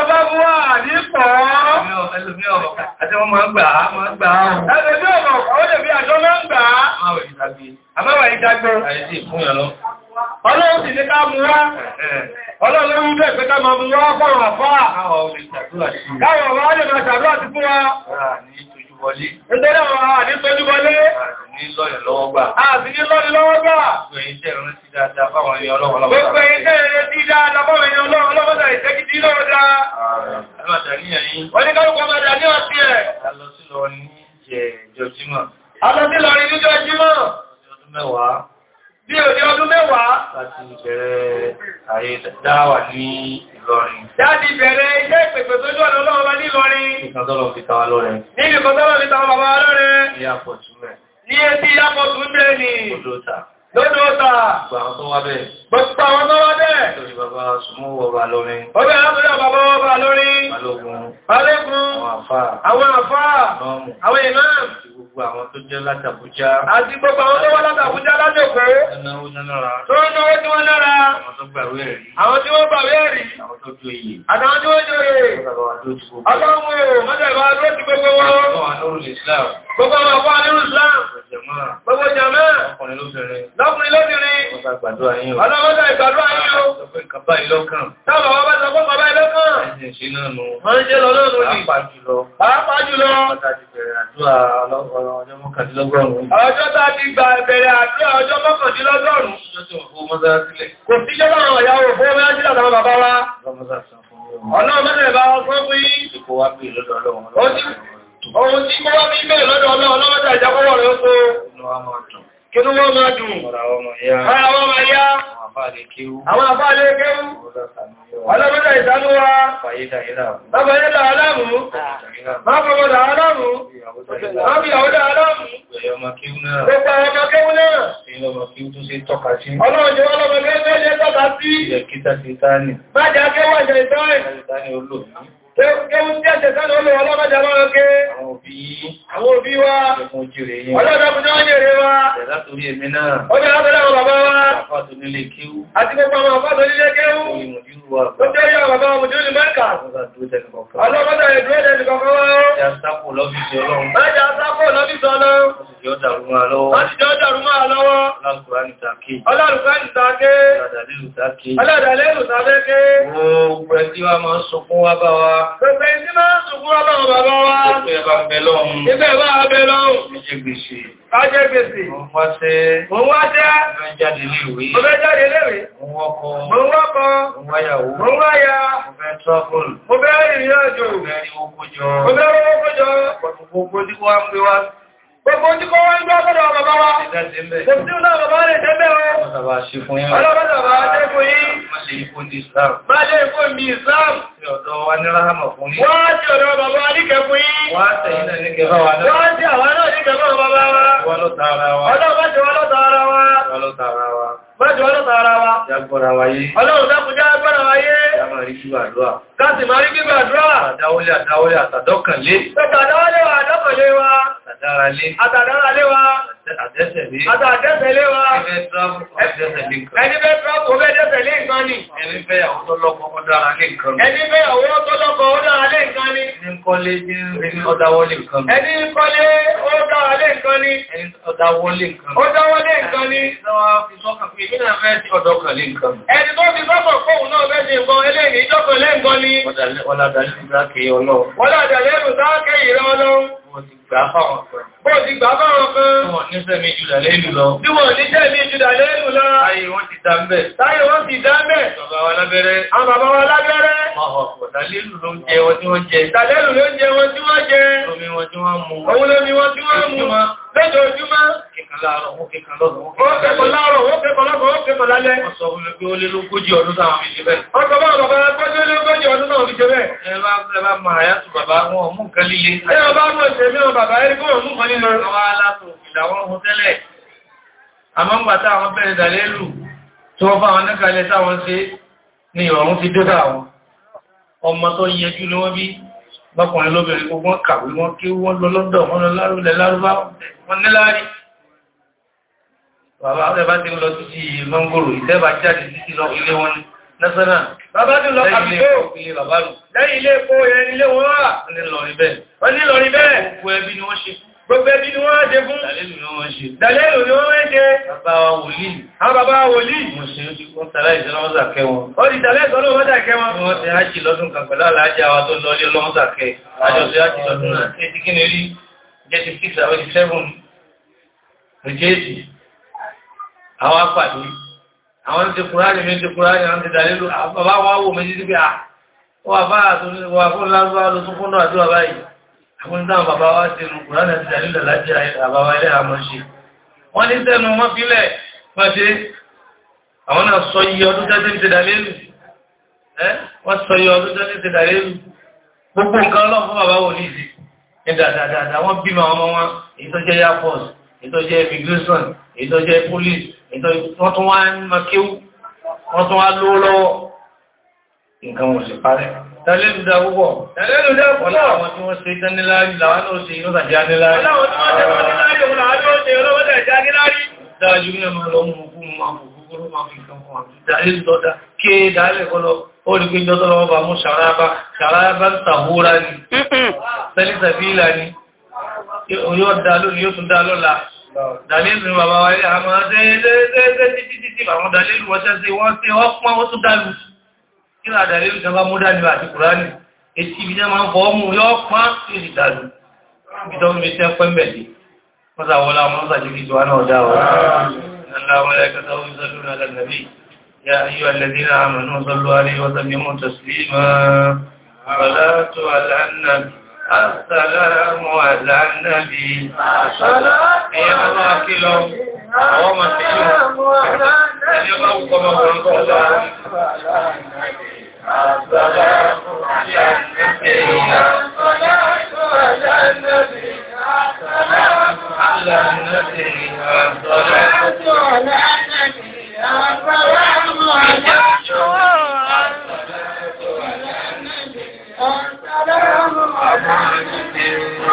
Ọ̀bá mú àdínkọ̀. Ẹlùmí ọ̀rọ̀ àti ọmọ gbà á, mọ́ gbà á. Ẹlùmí ọ̀rọ̀ àwọn ẹ̀bí àjọ máa ń gbà á. Àbáwà ìdágbé. Àìsí ìfún ẹ̀lọ́. Ọlọ́run sì ní ká mú wá. Ọlọ́run ń wọlé. Nítorí àwọn àdísọ́júwọlé. Àti ní lọ́rin lọ́wọ́ gbà. Àti ní lọ́rin lọ́wọ́ gbà. Gbogbo ẹ̀yin tẹ́ ìrún sí dáadáa fáwọn ẹni ọlọ́wọ́ lọ́wọ́. Gbogbo ẹ̀yin tẹ́ ìrún sí dáadáa fáwọn ẹni ọlọ́wọ́ lọ́wọ́ lọ́wọ́ ìṣẹ́kìtì lọ́wọ́ dáa. Àwọn àdàníyàn yìí. Wọ́n ní kọ́lùkọ́ máa dà ní ọ̀sí ẹ̀. A lọ sí lọ ní ìjẹ́ ìjọ Jímọ̀.
A lọ sí lọ ní ìjọ Jímọ̀.
Ọdún mẹ́wàá àti ìbẹ̀rẹ̀ ààyè dáwà ní Ìlọrin. Dáàdì bẹ̀rẹ̀ iṣẹ́ ìpèsè tó jọ́ ọ̀nà ọlọ́run ní Ìlọrin. Ìkàtọ́lọ̀ fi tàwa lọ́rẹ̀. Ní ìkàtọ́lọ̀ fi tàwa bàbá lọ́rẹ̀. Ní àpọ̀tún rẹ̀. Ní etí ni. Odò ta. Lódò ta. Gbà àwọn tó wá bẹ̀. Gbogbo àwọn tó wá bẹ̀. Lórí bàbá Sùmọ́ wọ̀bà lórin. Ọbẹ̀ alábọ̀dọ̀ bàbá gbogbo àwọn tó jẹ́ látàbújá. Àti gbogbo àwọn tó wá látàbújá látẹ̀kọ́. Ẹnáwó tán lára. Tó ń náwó tí wọ́n lára. Àwọn tó gbàwé ẹ̀rí. Àwọn tí wọ́n gbàwé ẹ̀rí. Àwọn tó jó iye. Àtàwọn tí wọ́n jó iye. Ọlọ́run èrò mọ́tẹ̀ bá dúró ti gbogbo àwọn àpá Islam. Gbogbo jàmẹ́. Lọ́kùnrin lóbìnrin. Lọ́kùnrin lóbìnrin. Ọlọ́mọdé ìgbàdúrà yín o. Ọlọ́mọdé ìgbàdúrà yín o. Kàbá ìlọ́kàn. Táwọn àwọn bá sọ fún kàbá ìlọ́kàn. Ẹ̀sìn ìṣẹ́ náà nù. Wọ́n ń jẹ́ lọ lọ́rùn ni. Pàápàá jùlọ. Pàápàá jùlọ. Pàtàkì bẹ̀rẹ̀ àdúrà ọlọ́run. Ọjọ́ tá ti gba ẹ̀bẹ̀rẹ̀ àti ọjọ́ mọ́kàndínlọ́gọ́rùn-ún. Kò sí jẹ́ lọ́rọ̀ ìyàwó fún ọmọ ẹ̀sìn àtàwọn bàbá wa. Ọlọ́run mẹ́rin bá wọ́n fún fún yí. Ohun tí mo wá bí bẹ́ẹ̀ lọ́dọ̀ ọlọ́run lọ́wọ́ta ìjábọ̀wọ̀ rẹ̀ ó tó kí ló wọ́n máa dùn ara ọmọ ya àwọn àbáàlẹ̀ kéwú ọlọ́pẹ́ta ìdánúwà bàbá ilẹ̀ aláàmù bàbá ọmọdà aláàmù bàbá ìyàwódà aláàmù pẹ́pẹ́ ọmọ kéwú náà ọlọ́ọ̀jẹ́ ọlọ́mọ kéwú jẹ́ tọ́ka sí bájá kéwú àjẹ́ ìtọ́ àwọn òbí wa ọlọ́dọ́kùnjọ́ ọjọ́rẹ́ wa ọjọ́ àtúrí èmi náà ọjọ́ àtọ́lọ́wọ́ bàbá wa àfáàtò nílé kíú àti gbogbo àwọn àfáàtò nílé kíú ọjọ́ yà bàbá wa mùjú ní mẹ́kà ọlọ́gbọ́dọ̀ ẹ̀dúró ẹ̀dẹ̀ kọ̀ọ̀kan wa ọjọ́ àtàkù lọ́fíìsì ọlọ́run ọjọ́ àtàkù lọ́fíìsì ọlọ́run ọjọ́ dàrúmọ́ àlọ́wọ́ ọjọ́ dàrúmọ́ àlọ́wọ́ ọlọ́run tàkì ọlọ́run tàkì ọlọ́run tàkì ọlọ́run tàkì Ibẹ̀ bá abẹ lọ́rùn. Ajẹ́gbèsè. Ajẹ́gbèsè. Mo wá tẹ́. Mo wá tẹ́. Mo jáde léwe. Mo fẹ́ jáde léwe. Mo wọ́kọ́. Mo wọ́kọ́. Mo wáyàwó. Mo wáyà. Mo fẹ́ trọ́fùl. Mo fẹ́ ìrìn àjò. Mo fẹ́ rí owó kójọ. Mo Gbogbo ojú wọ́n ń gbọ́ ọ̀pọ̀lọ̀ bàbá wa. Kò sí ọ̀nà rẹ̀ tẹ́lẹ̀ o. Ọlọ́bàbà ṣe fún yín. Ọlọ́bàbà ṣe fún yín. Má ṣe ikú ní Islam. Má ṣe ikú ní Islam. Ṣé wa ní ráhàmà fún yín? Wá sí ọ̀dọ́ bàbá bàbá wa. Wọ́n ló Àtàdáralé. Àtàdáralé wa. Àtàdẹ́sẹ̀lé. Àtàdẹ́sẹ̀lé wa. Ẹni fẹ́ tọ́pù fẹ́ dẹ́sẹ̀lé nǹkan ni. Ẹni fẹ́ àwọn tó lọ́pọ̀ ó dára lé nǹkan ni. Ẹni fẹ́ àwọn tó lọ́pọ̀ ó dára lé nǹkan ni. Ẹni kọ́lé ó nǹkan ni. Ẹni kọ́lé ó nǹkan ni. Ẹni ó nǹkan ni. Ẹni tó fi sọ́kàn pé ìmínà fẹ́ sí ọ̀dọ́kàn nǹkan ni. Ẹni tó fi sọ́kàn fóun náà fẹ́ sí nǹkan nǹkan ni. Wọ́n Wọ́n ti gbà fáwọn kan. Wọ́n ti gbà fáwọn kan. Wọ́n ní sẹ́mi jùdà lẹ́nu lọ. Tí wọ́n ní sẹ́mi jùdà lẹ́nu lọ. Ayé wọ́n ti dá mẹ́. Táyé wọ́n ti dá mẹ́. Bàbá wa lábẹ́rẹ́. Àwọn bàbá wa lábẹ́rẹ́. Màhọ̀ pọ̀ dálélù ló ń jẹ wọn tí wọ́n jẹ. Dálélù ló ń wọn tí wọ́n jẹ. Omi wọ́n tí wọ́n mu lójoojúmọ́. Kíkan láàárọ̀, wọ́n kíkan lọ́sàn, wọ́n kíkan láàárọ̀, wọ́n kíkan lọ́sàn, wọ́n kíkan lálẹ́. Wọ́n sọ fún mi pé ó lé lógójì ọdún táwọn fi ṣe bẹ́ẹ̀. Ọjọ́ bá bàbá ẹgbẹ́ tó lé lógójì ọdún táwọn fi ṣe bẹ́ẹ̀. Ẹ bá ẹ bá mọ àyàtù bàbá wọn mú nǹkan líle. Ẹ bá mọ ìṣẹ̀mí wọn bàbá ẹ kó wọn mú nǹkan líle. Àwọn alátò ìdáwọ́ hun tẹ́lẹ̀. Àmọ́ ń gbàtà àwọn bẹ̀rẹ̀ dàlélù tí wọ́n fáwọn nẹ́kàlẹ̀ táwọn ṣe ni ìrọ̀rùn ti dé bá àwọn. Ọmọ tó yẹjú ni wọ́n bí lọ́kùnrin lóbìnrin gbogbo wọn kàwé wọn kí wọ́n lọ lọ́dọ̀ wọn lọ lárúlẹ̀ lárúbá wọn níláàrí bàbá rẹ̀ bá ti ń lọ títí mọ́ngòrò ìtẹ́bà jáde títí lọ ilé wọn ní násánà Bàbá tó lọ àbíkó. Lẹ́yìn ilé epo yẹn nílé wọn wà. Wọ́n ní lọrin bẹ́ẹ̀. Wọ́n ní lọrin bẹ́ẹ̀. Gbogbo ẹbí ni wọ́n ṣe fún. Gbogbo ẹbí ni wọ́n ṣe fún. Dàlélù ni wọ́n ṣe. Dàlélù ni wọ́n ṣe. Bàbá wa wòlíì. Àwọn bàbá wa wòlíì. Mo ṣe ojú wọn sàlá ìṣẹ́ lọ́wọ́ sàkẹ́ wọn. Ó di sàlẹ́ ìṣọ́ lọ́wọ́ sàkẹ́ wọn. Wọ́n ti hájì lọ́dún kan pẹ̀lú àlàájá wa tó lọ ilé lọ́wọ́ sàkẹ́. Ah. Àjọṣe hájì lọ́dún náà. Ṣé ti kí ni rí? Jẹ́ ti six àwọn ti seven. Rìjẹ́ẹ̀tì àwọn ti kùránì mi ti kùránì àwọn ti dàlélù bàbá wọn wò méjì sí pé à ah, wà bá àtúnwà fún lárúbá ló tún fún náà àdúrà báyìí àwọn ìdáhùn bàbá wa ti lu kùránì àti dàlélù alájẹ àbáwá ilé àmọ́ ṣe wọ́n ní sẹ́nu wọn fílẹ̀ pàdé àwọn náà sọ iye ọdún tẹ́tẹ́ ti dàlélù wọ́n sọ iye ọdún tẹ́tẹ́ ti dàlélù gbogbo nǹkan ọlọ́run fún bàbá wò nídìí ní dàdàdàdà wọ́n bímọ ọmọ wọn ìtọ́jẹ́ air wọ́n tún wá ń mọ kíwú wọ́n tún wá lówó lọ́wọ́ nǹkan wọ́n sì parẹ́ tẹ́lẹ́lùdá púpọ̀ tẹ́lẹ́lùdá púpọ̀ àwọn tí wọ́n ṣe tẹ́niláàrí làwọn ó ṣe yóò tàjá níláàrí láwọn tí wọ́n tẹ́lẹ́lùdá níláàrí òun làwọn ó ṣe olówó tàjá níláàrí dájú ní ẹmọ lọ́mù òkú máa bù kúrò máa fi nǹkan fún àti dáyé lọ́dá kí dáyé kọ́lọ́ ó rí pé jọ́tọ́ lọ́wọ́ bá mú ṣàrábá ṣàrábá ń tàhúrá ni tẹ́lẹ́sàbílà ni yóò dá lónìí yóò tún dá lọ́la Dàlílù bàbá wa ilé àmọ́ ṣe títí títí àwọn dàlílù wọ́ṣẹ́ sí wọ́n tí wọ́n pọ́n ó tún dàlù. Kí là dàlílù kan bá mú dàlù àti Kùránì? Etí ibi jẹ́ máa ń fọ́ mú yọ́ pọ́n sí ìdí dàlù. Ìjọba mi tẹ́ pẹ́ mẹ́lì. Wọ́n sàwọ́lá wọn sàjúkì tó wá náà dá wa. Ìlànà mẹ́lẹ́kẹ́ta ó ń sọ́dún náà lẹ́nàbí. يا أيها الذين آمنوا صلوا عليه وسلموا تسليما صلاة على النبي Àṣàlámù àlànàbí. Ẹ̀yẹ́ máa máa kí lọ, àwọn máa kí lọ. Ẹni ọmọ ọkọ̀ máa wọ́n kọ́ lọ. Àṣàlámù àlànàbí. Àṣàlámù àlànàbí. Àṣàlámù àlànàbí. Àṣàlámù àlànàbí. Àṣàlámù àlànàbí.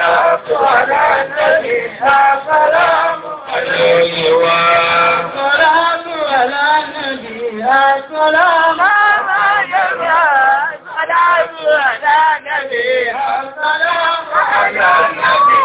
والصلاة على النبي سلام عليه والصلاة على النبي سلام عليه السلام على النبي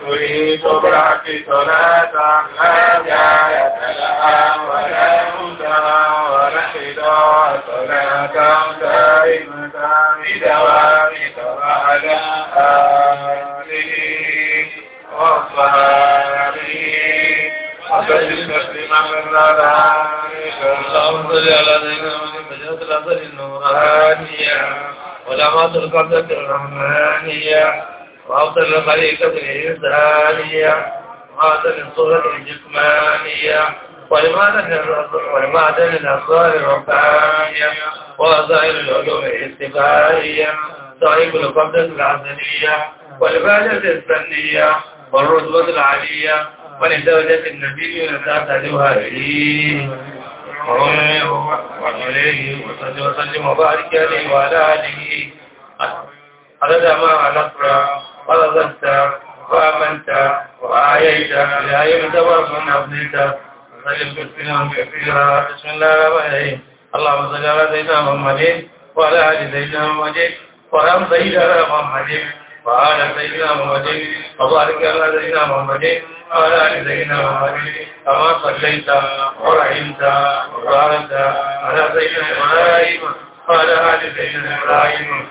تريد برك صلاة لا جاية لها ولا هدى ولا حدى صلاة دائمة بدوام وعلى آله وصحبه وسلم تسليما من اللهم صل على سيدنا محمد وعلى آله النورانية ولما القدرة الرحمانية وأفضل الخليقة الإنسانية وهذا من صورة الجسمانية وإمادة الأسرار الربانية ووسائل العلوم الاستفائية صاحب القبضة العسلية والبادة السنية والرتبة العالية ولزوجة النبي لذات الوهابي وعليه وسلم وبارك عليه وعلى آله عدد ما نصره وغزلت وآمنت يا ايها أيمت من ابنك فليس منهم كثيرا بسم الله الرحمن الرحيم اللهم صل على سيدنا محمد وعلى آل سيدنا محمد وعلى سيدنا محمد وعلى سيدنا محمد وبارك على سيدنا محمد وعلى آل سيدنا محمد كما صليت ورحمت وباركت على سيدنا إبراهيم وعلى آل سيدنا إبراهيم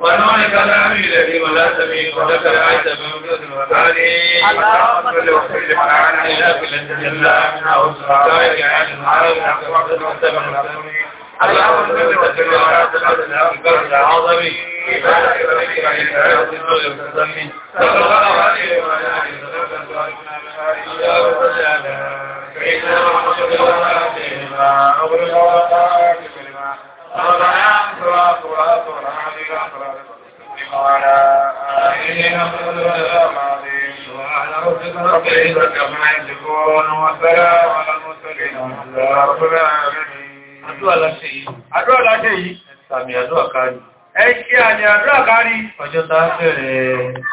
ونورك العمي الذي ولا تمين ولك العيد بمجود وفعلي اللهم وسلم على إله الذي جل منها وسلم عن العالم وعبد المستمع اللهم صل وسلم على سيدنا الأكبر العظم إبارك ولك إلى رسول الله صلى الله عليه وعلى آله وسلم اللهم صل على سيدنا محمد وعلى آله وصحبه وعلى آله نقول الأمالين وعلى رب العزة عما يصفون والسلام على المرسلين والحمد لله رب العالمين Àdúrà láṣẹ yìí. Àdúrà láṣẹ yìí. Sàmì àdúrà kárí. Ẹ ṣe àmì àdúrà kárí. Ọjọ́ tá bẹ̀rẹ̀